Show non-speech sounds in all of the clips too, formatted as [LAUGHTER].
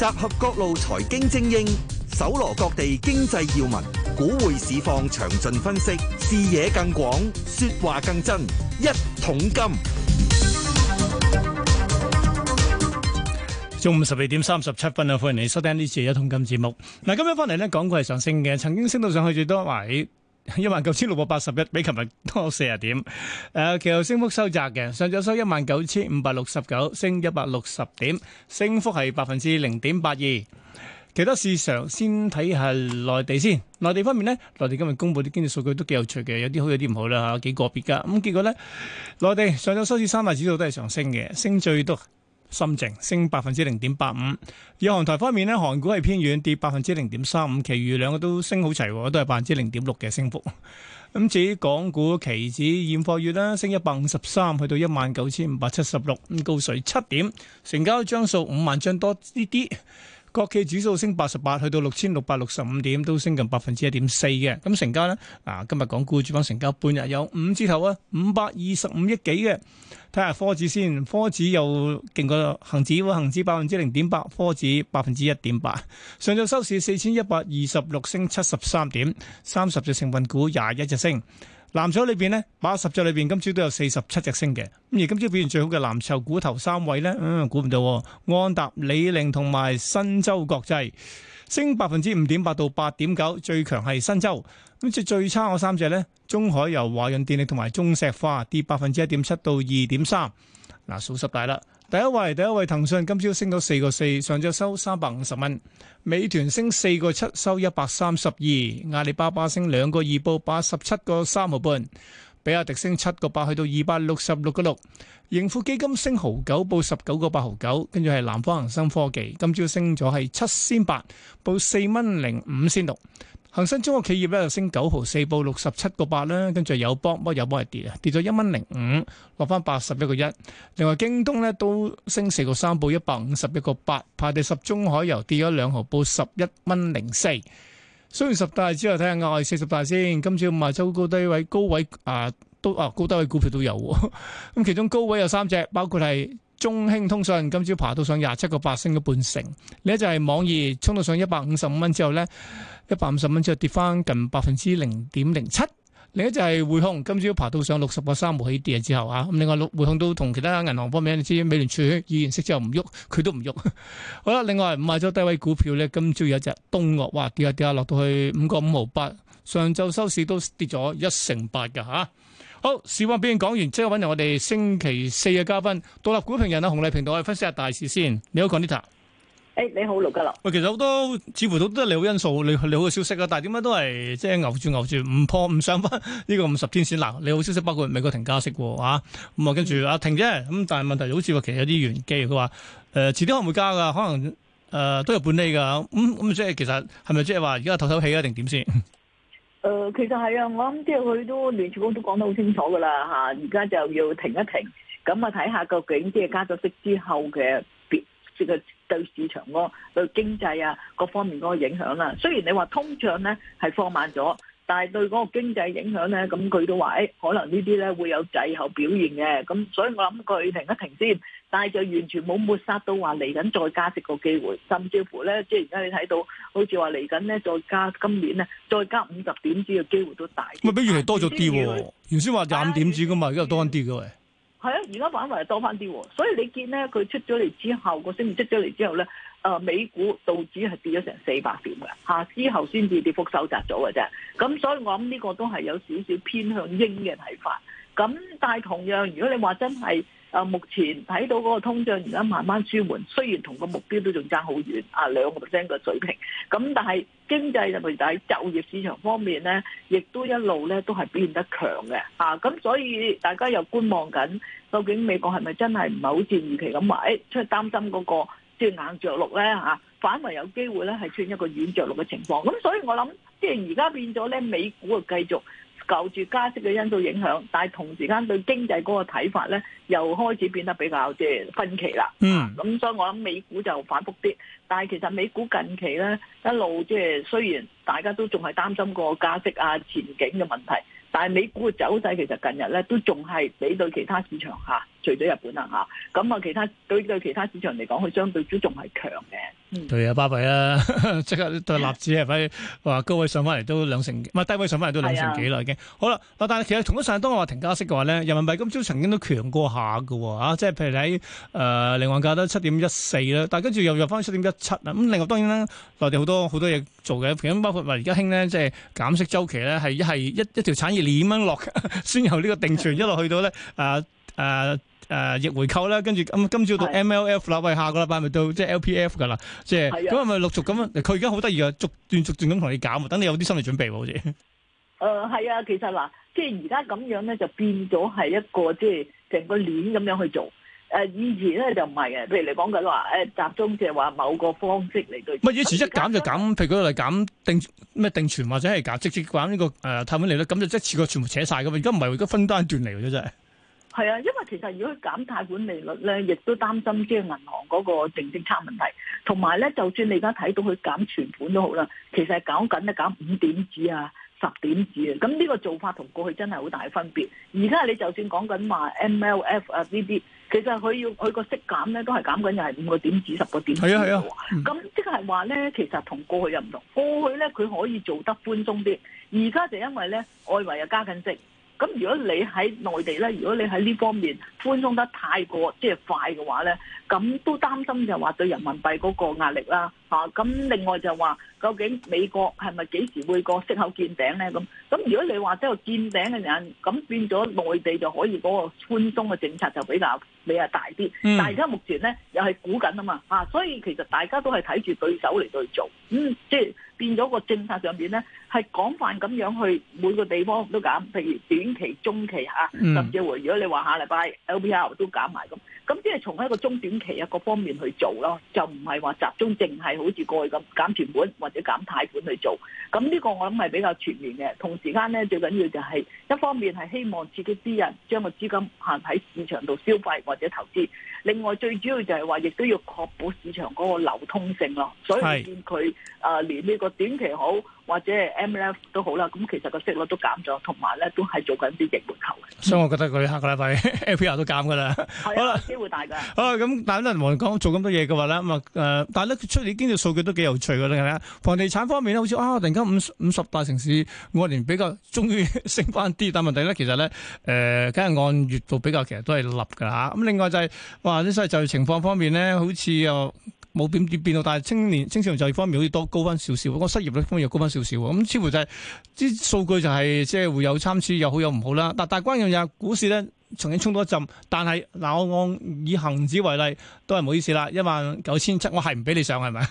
集合各路財經精英，搜羅各地經濟要聞，股匯市況詳盡分析，視野更廣，說話更真。一桶金，中午十二點三十七分啊！歡迎你收聽呢次一桶金節目。嗱，今日翻嚟呢，港股係上升嘅，曾經升到上去最多一位。一萬九千六百八十一，19, 1, 比琴日多四十點。誒、呃，其後升幅收窄嘅，上晝收一萬九千五百六十九，升一百六十點，升幅係百分之零點八二。其他市場先睇下內地先，內地方面呢，內地今日公布啲經濟數據都幾有趣嘅，有啲好有啲唔好啦，吓、啊，幾個別噶。咁、嗯、結果呢，內地上晝收市三大指數都係上升嘅，升最多，深證升百分之零點八五，以韓台方面咧，韓股係偏軟，跌百分之零點三五，其餘兩個都升好齊，都係百分之零點六嘅升幅。咁至於港股期指現貨月啦，升一百五十三，去到一萬九千五百七十六，咁高水七點，成交張數五萬張多啲啲。國企指數升八十八，去到六千六百六十五點，都升近百分之一點四嘅。咁成交呢？啊今日港股主榜成交半日有五字頭啊，五百二十五億幾嘅。睇下科指先，科指又勁過恒指，恒指百分之零點八，科指百分之一點八。上晝收市四千一百二十六升七十三點，三十隻成分股廿一隻升。藍籌裏邊咧，八十隻裏邊，今朝都有四十七隻升嘅。咁而今朝表現最好嘅藍籌股頭三位咧，嗯，估唔到安踏、李寧同埋申洲國際，升百分之五點八到八點九，最強係申洲。咁最最差嗰三隻咧，中海油、華潤電力同埋中石化，跌百分之一點七到二點三。嗱，數十大啦，第一位，第一位騰訊今朝升咗四個四，上晝收三百五十蚊，美團升四個七，收一百三十二，阿里巴巴升兩個二，報八十七個三毫半。比亞迪升七個八，去到二百六十六個六。盈富基金升毫九，報十九個八毫九。跟住係南方恒生科技，今朝升咗係七仙八，報四蚊零五仙六。恒生中國企業咧就升九毫四，報六十七個八啦。跟住友邦，不過友邦係跌啊，跌咗一蚊零五，落翻八十一個一。另外京東咧都升四個三，報一百五十一個八。排第十中海油跌咗兩毫，報十一蚊零四。雖然十大之後睇下外四十大先，今朝五十周高低位高位啊都啊高低位股票都有、啊，咁 [LAUGHS] 其中高位有三隻，包括係中興通訊今朝爬到上廿七個八，升咗半成。另一就係網易，衝到上一百五十五蚊之後呢，一百五十蚊之後跌翻近百分之零點零七。另一隻係匯控，今朝爬到上六十個三毫起跌之後啊，咁另外匯控都同其他銀行方面，你知美聯儲議員息之後唔喐，佢都唔喐。 [LAUGHS] 好啦，另外唔賣咗低位股票咧，今朝有一隻東岳，哇跌下跌下，落到去五個五毛八，上晝收市都跌咗一成八嘅嚇。好，市況表現講完，即刻揾我哋星期四嘅嘉賓獨立股評人啊，熊麗萍。同我分析下大市先。你好 g l i t t e 誒，hey, 你好，盧家樂。喂，其實好多似乎都多利好因素，利利好嘅消息啊，但係點解都係即係牛住牛住，唔破唔上翻呢 [LAUGHS] 個五十天線？嗱，利好消息包括美國停加息喎、啊，咁啊跟住啊停啫，咁但係問題好似話其實有啲玄機，佢話誒遲啲可能會加噶，可能誒、呃、都有半厘噶，咁咁即係其實係咪即係話而家透透氣啊，定點先？誒，其實係啊，呃、我諗即係佢都聯儲局都講得好清楚噶啦吓，而家就要停一停，咁啊睇下究竟即係加咗息之後嘅別即係。對市場個對經濟啊各方面嗰個影響啊，雖然你話通脹咧係放慢咗，但係對嗰個經濟影響咧，咁佢都話誒，可能呢啲咧會有滯後表現嘅，咁所以我諗佢停一停先，但係就完全冇抹殺到話嚟緊再加息個機會，甚至乎咧，即係而家你睇到好似話嚟緊咧再加今年咧再加五十點子嘅機會都大。咪比原來多咗啲？原先話廿五點子噶嘛，而家又多啲嘅喂。係啊，而家玩埋多翻啲，所以你見咧佢出咗嚟之後，個升唔出咗嚟之後咧，誒美股道指係跌咗成四百點嘅，嚇、啊、之後先至跌幅收窄咗嘅啫。咁所以我諗呢個都係有少少偏向鷹嘅睇法。咁但係同樣，如果你話真係。啊，目前睇到嗰個通脹而家慢慢舒緩，雖然同個目標都仲爭好遠，啊兩個 percent 嘅水平，咁但係經濟就咪就喺就業市場方面咧，亦都一路咧都係變得強嘅，啊，咁所以大家又觀望緊，究竟美國係咪真係唔係好似預期咁話，誒出去擔心嗰個即係硬着陸咧嚇、啊，反為有機會咧係出現一個軟着陸嘅情況，咁所以我諗即係而家變咗咧，美股啊繼續。就住加息嘅因素影響，但係同時間對經濟嗰個睇法咧，又開始變得比較即係分歧啦。嗯，咁所以我諗美股就反覆啲，但係其實美股近期咧一路即係雖然大家都仲係擔心個加息啊前景嘅問題，但係美股嘅走勢其實近日咧都仲係比對其他市場嚇。除咗日本啊嚇，咁啊其他對對其他市場嚟講，佢相對都仲係強嘅。嗯，對啊，巴閉啦，即刻都立子啊，快話高位上翻嚟都兩成，唔、嗯、係低位上翻嚟都兩成幾啦已經。啊、好啦，但係其實同咗上次當我話停加息嘅話咧，人民幣今朝曾經都強過下嘅喎、啊、即係譬如喺誒離岸價得七點一四啦，但係跟住又入翻七點一七啦。咁另外當然啦，內地好多好多嘢做嘅，譬如包括話而家興咧，即、就、係、是、減息周期咧，係一係一一條產業鏈咁樣落先由呢個定存一路去到咧誒誒。呃呃呃誒逆回購咧，跟住咁今朝到 M L F 啦，喂，下個禮拜咪到即係 L P F 㗎啦，即係咁係咪陸續咁？佢而家好得意啊，逐段逐段咁同你減，等你有啲心理準備喎，好似。誒係啊，其實嗱，即係而家咁樣咧，就變咗係一個即係成個鏈咁樣去做。誒以前咧就唔係嘅，譬如你嚟講緊話誒集中，即係話某個方式嚟嘅。咪以前一減就減，譬如舉例減定咩定存或者係減直接減呢個誒貸款利率啦，咁就即係次過全部扯曬噶嘛。而家唔係，而家分單段嚟嘅真係。係啊，因為其實如果佢減貸款利率咧，亦都擔心即係銀行嗰個淨息差問題。同埋咧，就算你而家睇到佢減存款都好啦，其實係講緊咧減五點子啊、十點子啊。咁呢個做法同過去真係好大分別。而家你就算講緊話 MLF 啊呢啲，其實佢要佢個息減咧都係減緊又係五個點子、十個點子。係啊係啊。咁即係話咧，其實同過去又唔同。過去咧佢可以做得寬鬆啲，而家就因為咧外圍又加緊息。咁如果你喺內地咧，如果你喺呢方面寬鬆得太過，即係快嘅話咧。咁都擔心就話對人民幣嗰個壓力啦，嚇咁另外就話究竟美國係咪幾時會個息口見頂咧？咁咁如果你話真係見頂嘅人，咁變咗內地就可以嗰個寬鬆嘅政策就比較比較大啲。但係而家目前咧又係估緊啊嘛，嚇所以其實大家都係睇住對手嚟去做，咁即係變咗個政策上邊咧係廣泛咁樣去每個地方都減，譬如短期、中期嚇，甚至乎如果你話下禮拜 LPR 都減埋咁，咁即係從一個中短。其實啊，各方面去做咯，就唔係話集中淨係好似過去咁減存款或者減貸款去做，咁呢個我諗係比較全面嘅。同時間咧，最緊要就係一方面係希望刺激啲人將個資金行喺市場度消費或者投資，另外最主要就係話亦都要確保市場嗰個流通性咯。所以見佢啊，連呢個短期好。或者係 MLF 都好啦，咁其實個息率都減咗，同埋咧都係做緊啲逆回購。所以我覺得佢下個禮拜 LPR 都減㗎啦。係啊、 [LAUGHS] [LAUGHS] 嗯，機會大㗎。啊，咁但係咧，我哋講做咁多嘢嘅話咧，咁啊誒，但係咧，出嚟啲經濟數據都幾有趣㗎啦。房地產方面咧，好似啊，突然間五五十大城市按年比較終於升翻啲，但問題咧，其實咧誒，梗、呃、係按月度比較，其實都係立㗎嚇。咁、啊、另外就係話啲就業情況方面咧，好似又。呃呃呃呃冇點點變到，但係青年青少年就業方面好似多高返少少，我個失業率方面又高返少少。咁似乎就係啲數據就係、係、即係會有參差，又好有唔好啦。嗱，但係關鍵又股市咧，曾經衝多一陣，但係嗱，我按以恒指為例，都係唔好意思啦，一萬九千七，我係唔俾你上係咪？誒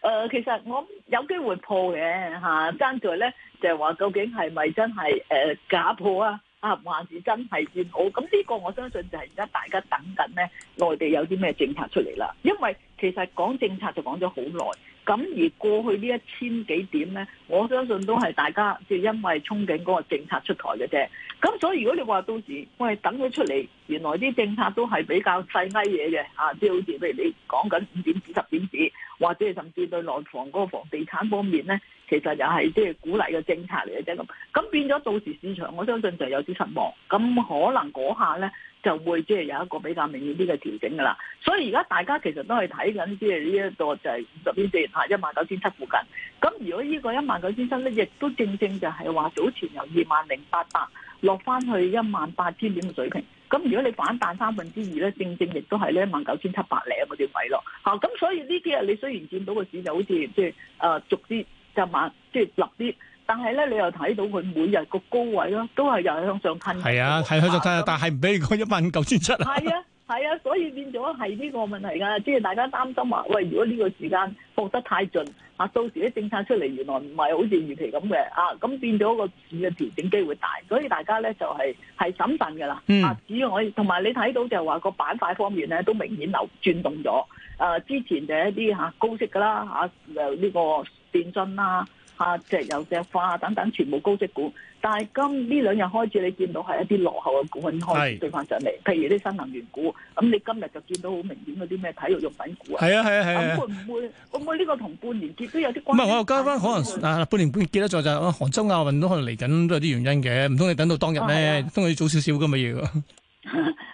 [LAUGHS] 呃，其實我有機會破嘅嚇，爭在咧就係話究竟係咪真係誒、呃、假破啊？啊，還是真係算好咁呢個，我相信就係而家大家等緊咧，內地有啲咩政策出嚟啦。因為其實講政策就講咗好耐，咁而過去呢一千幾點咧，我相信都係大家，即係因為憧憬嗰個政策出台嘅啫。咁所以如果你話到時，喂，等佢出嚟，原來啲政策都係比較細埃嘢嘅，啊，即係好似譬如你講緊五點子、十點子，或者係甚至對內房嗰個房地產方面咧。其實又係即係鼓勵嘅政策嚟嘅啫咁，咁變咗到時市場我相信就有啲失望，咁可能嗰下咧就會即係有一個比較明顯啲嘅調整噶啦。所以而家大家其實都係睇緊即係呢一個就係五十邊段吓一萬九千七附近。咁如果呢個一萬九千七咧亦都正正就係話早前由二萬零八百落翻去一萬八千點嘅水平。咁如果你反彈三分之二咧，正正亦都係呢一萬九千七百零嗰啲位咯。吓，咁所以呢幾日你雖然見到個市就好似即係誒逐啲。就慢即係立啲，但係咧你又睇到佢每日個高位咯，都係又向上推。係啊，係向上，但係唔俾你一百五九千七啊。係是啊，係啊，啊，所以變咗係呢個問題噶，即係大家擔心話，喂，如果呢個時間博得太盡，啊，到時啲政策出嚟，原來唔係好似預期咁嘅，啊，咁變咗個市嘅調整機會大，所以大家咧就係係審慎噶啦。啊、就是，嗯、只要我同埋你睇到就係話個板塊方面咧都明顯流轉動咗，啊，之前就一啲吓高息噶啦，吓又呢個。電訊啦、啊，啊，石油石化等等，全部高息股。但係今呢兩日開始，你見到係一啲落後嘅股份開始追翻上嚟，是譬如啲新能源股。咁你今日就見到好明顯嗰啲咩體育用品股啊？係啊係啊係啊！啊啊會唔會 [LAUGHS] 會唔會呢個同半年結都有啲關係？唔係，嗯、我又加翻可能啊，半年結結得再就是、啊，杭州亞運、啊啊、都可能嚟緊，都有啲原因嘅。唔通你等到當日咧，都係要早少少咁嘅嘢咯？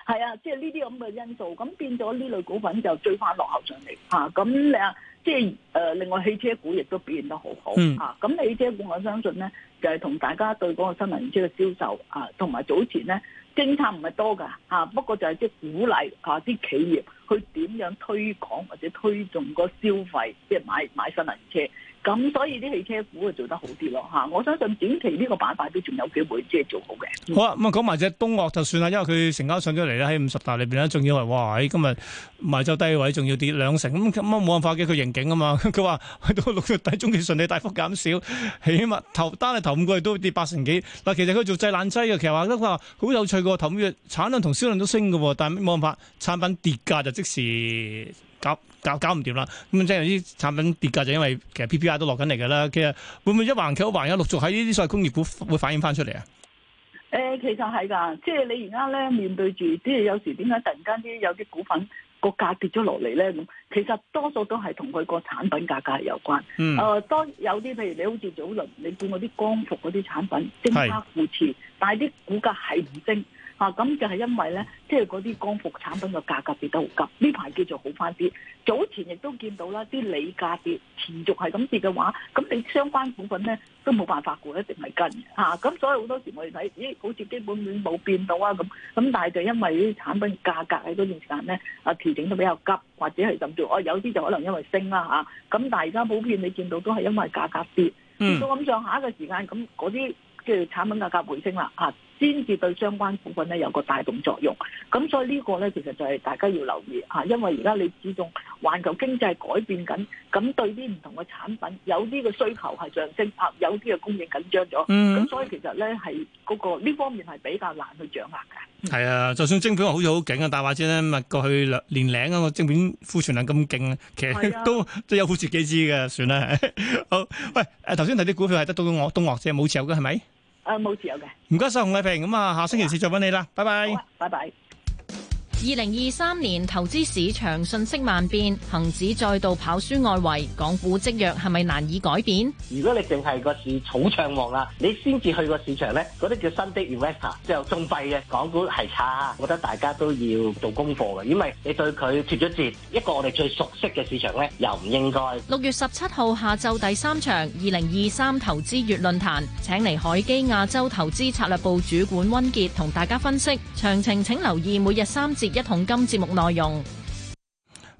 係啊，即係呢啲咁嘅因素，咁變咗呢類股份就追翻落後上嚟啊！咁你啊？啊啊啊啊啊啊即係誒，另外汽車股亦都表現得好好嚇。咁、嗯啊、汽車股，我相信咧，就係、是、同大家對嗰個新能源車嘅銷售啊，同埋早前咧，政策唔係多㗎嚇、啊。不過就係啲鼓勵嚇、啊、啲、啊、企業去點樣推廣或者推進個消費，即、就、係、是、買買新能源車。咁所以啲汽車股啊做得好啲咯嚇，我相信短期呢個板塊都仲有機會即係做好嘅。好啊，咁啊講埋隻東岳就算啦，因為佢成交上咗嚟咧喺五十大裏邊咧，仲以為哇今日賣走低位仲要跌兩成，咁咁啊冇辦法嘅，佢盈警啊嘛，佢話去到六月底中期純利大幅減少，起碼頭單係頭五個月都會跌八成幾。嗱，其實佢做製冷劑嘅，其實話得佢話好有趣嘅，頭五月產量同銷量都升嘅喎，但係冇辦法產品跌價就即時急。搞搞唔掂啦！咁即係啲產品跌價就因為其實 PPI 都落緊嚟㗎啦。其實會唔會一環扣一環，有陸續喺呢啲所謂工業股會反映翻出嚟啊？誒、呃，其實係㗎，即係你而家咧面對住，即係有時點解突然間啲有啲股份個價跌咗落嚟咧？咁其實多數都係同佢個產品價格有關。嗯。誒、呃，當有啲譬如你好似早輪，你見我啲光伏嗰啲產品精卡扶持，是但係啲股價係唔升。啊，咁就係、是、因為咧，即係嗰啲光伏產品嘅價格跌得好急，呢排叫做好返啲。早前亦都見到啦，啲鋰價跌持續係咁跌嘅話，咁你相關股份咧都冇辦法股一定係跟嘅。咁、啊、所以好多時我哋睇咦，好似基本面冇變到啊，咁咁但係就因為啲產品價格喺嗰段時間咧啊調整得比較急，或者係咁做，哦、啊、有啲就可能因為升啦嚇，咁、啊啊、但係而家普遍你見到都係因為價格跌，嗯、啊，到咁上下嘅時間，咁嗰啲嘅產品價格回升啦，嚇、啊。先至對相關股份咧有個帶動作用，咁所以呢個咧其實就係大家要留意吓，因為而家你始終環球經濟改變緊，咁對啲唔同嘅產品有啲嘅需求係上升，啊有啲嘅供應緊張咗，咁所以其實咧係嗰個呢方面係比較難去掌握嘅。係啊，就算晶片好似好勁啊，但係話者咧，咪過去兩年零嗰個晶片庫存量咁勁，其實都都有庫存幾支嘅，算啦。好，喂，誒頭先睇啲股票係得東岳東岳啫，冇持有嘅係咪？啊，冇、呃、自由嘅。唔該晒，熊麗萍。咁、嗯、啊，下星期四再揾你啦的拜、啊。拜拜。拜拜。二零二三年投資市場瞬息萬變，恒指再度跑輸外圍，港股積弱係咪難以改變？如果你淨係個市草長望啦，你先至去個市場呢，嗰啲叫新 Invest 的 investor，即係仲弊嘅港股係差，我覺得大家都要做功課嘅，因為你對佢脫咗節，一個我哋最熟悉嘅市場呢，又唔應該。六月十七號下晝第三場二零二三投資月論壇，請嚟海基亞洲投資策略部主管溫杰同大家分析。詳情請留意每日三節。一同今節目內容，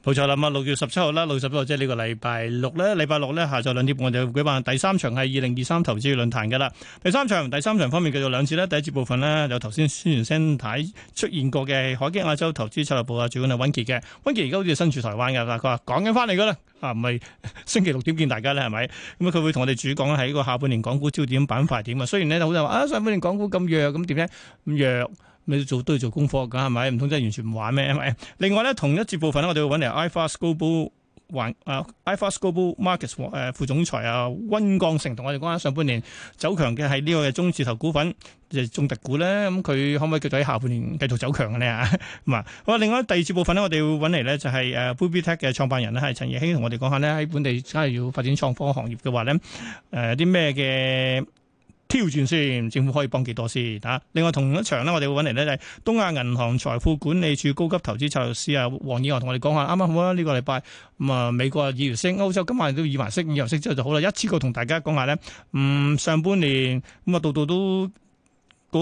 冇錯啦。啊，六月十七號啦，六月十七號即係呢個禮拜六咧，禮拜六咧下晝兩點半就舉辦第三場係二零二三投資論壇嘅啦。第三場，第三場方面繼續兩次啦。第一節部分呢，有頭先宣傳先睇出現過嘅海基亞洲投資策略部啊，主管係溫杰嘅。溫杰而家好似身處台灣噶，但佢話講緊翻嚟噶啦，啊唔係星期六點見大家咧？係咪咁佢會同我哋主講喺係個下半年港股焦點板塊點啊？雖然咧好多人話啊，上半年港股咁弱，咁點呢咁弱。你做都要做功課噶，係咪？唔通真係完全唔玩咩？另外咧，同一節部分咧，我哋會揾嚟 iFAST Global 環啊 iFAST Global MARKETS 誒副總裁啊，溫江成同我哋講下上半年走強嘅係呢個嘅中字頭股份，就係中特股咧。咁佢可唔可以繼續喺下半年繼續走強嘅咧？咁啊，好另外第二節部分咧，我哋會揾嚟咧就係、是、誒 Buby Tech 嘅創辦人咧，係陳業興同我哋講下咧，喺本地真係要發展創科行業嘅話咧，誒啲咩嘅？挑轉先。政府可以幫幾多先？啊！另外同一場咧，我哋會揾嚟咧就係東亞銀行財富管理處高級投資策略師啊，黃以豪同我哋講下剛剛，啱啱好啦，呢個禮拜咁啊，美國議息，歐洲今晚都議息，議息之後就好啦。一次過同大家講下咧，嗯，上半年咁啊，度、嗯、度都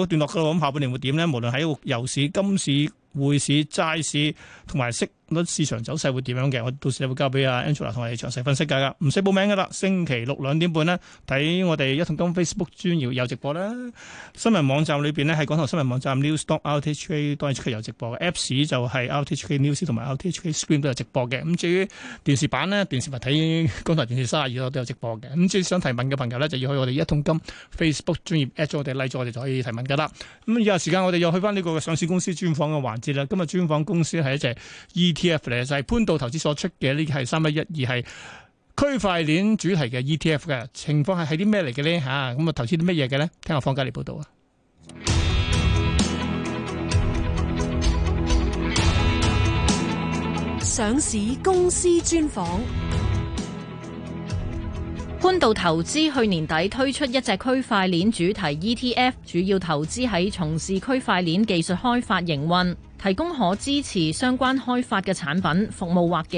一段落去。嘅，咁下半年會點咧？無論喺油市、金市。會市、債市同埋息率市場走勢會點樣嘅？我到時咧會交俾阿 Angela 同我哋詳細分析㗎。大家唔使報名㗎啦，星期六兩點半咧睇我哋一桶金 Facebook 專頁有直播啦。新聞網站裏邊咧係港台新聞網站 news.rthk.hk 都有直播嘅。Apps 就係 RTHK News 同埋 RTHK Screen 都有直播嘅。咁至於電視版咧，電視台睇港台電視三十二都都有直播嘅。咁至於想提問嘅朋友咧，就要去我哋一桶金 Facebook 專頁 at 咗我哋，Like 我哋就可以提問㗎啦。咁以後時間我哋又去翻呢個上市公司專訪嘅環。今日專訪公司係一隻 E T F 嚟，就係潘度投資所出嘅呢個係三一一二係區塊鏈主題嘅 E T F 嘅情況係係啲咩嚟嘅呢？吓咁啊，嗯、投資啲乜嘢嘅呢？聽下方家烈報道啊！上市公司專訪潘度投資去年底推出一隻區塊鏈主題 E T F，主要投資喺從事區塊鏈技術開發營運。提供可支持相關開發嘅產品、服務或技。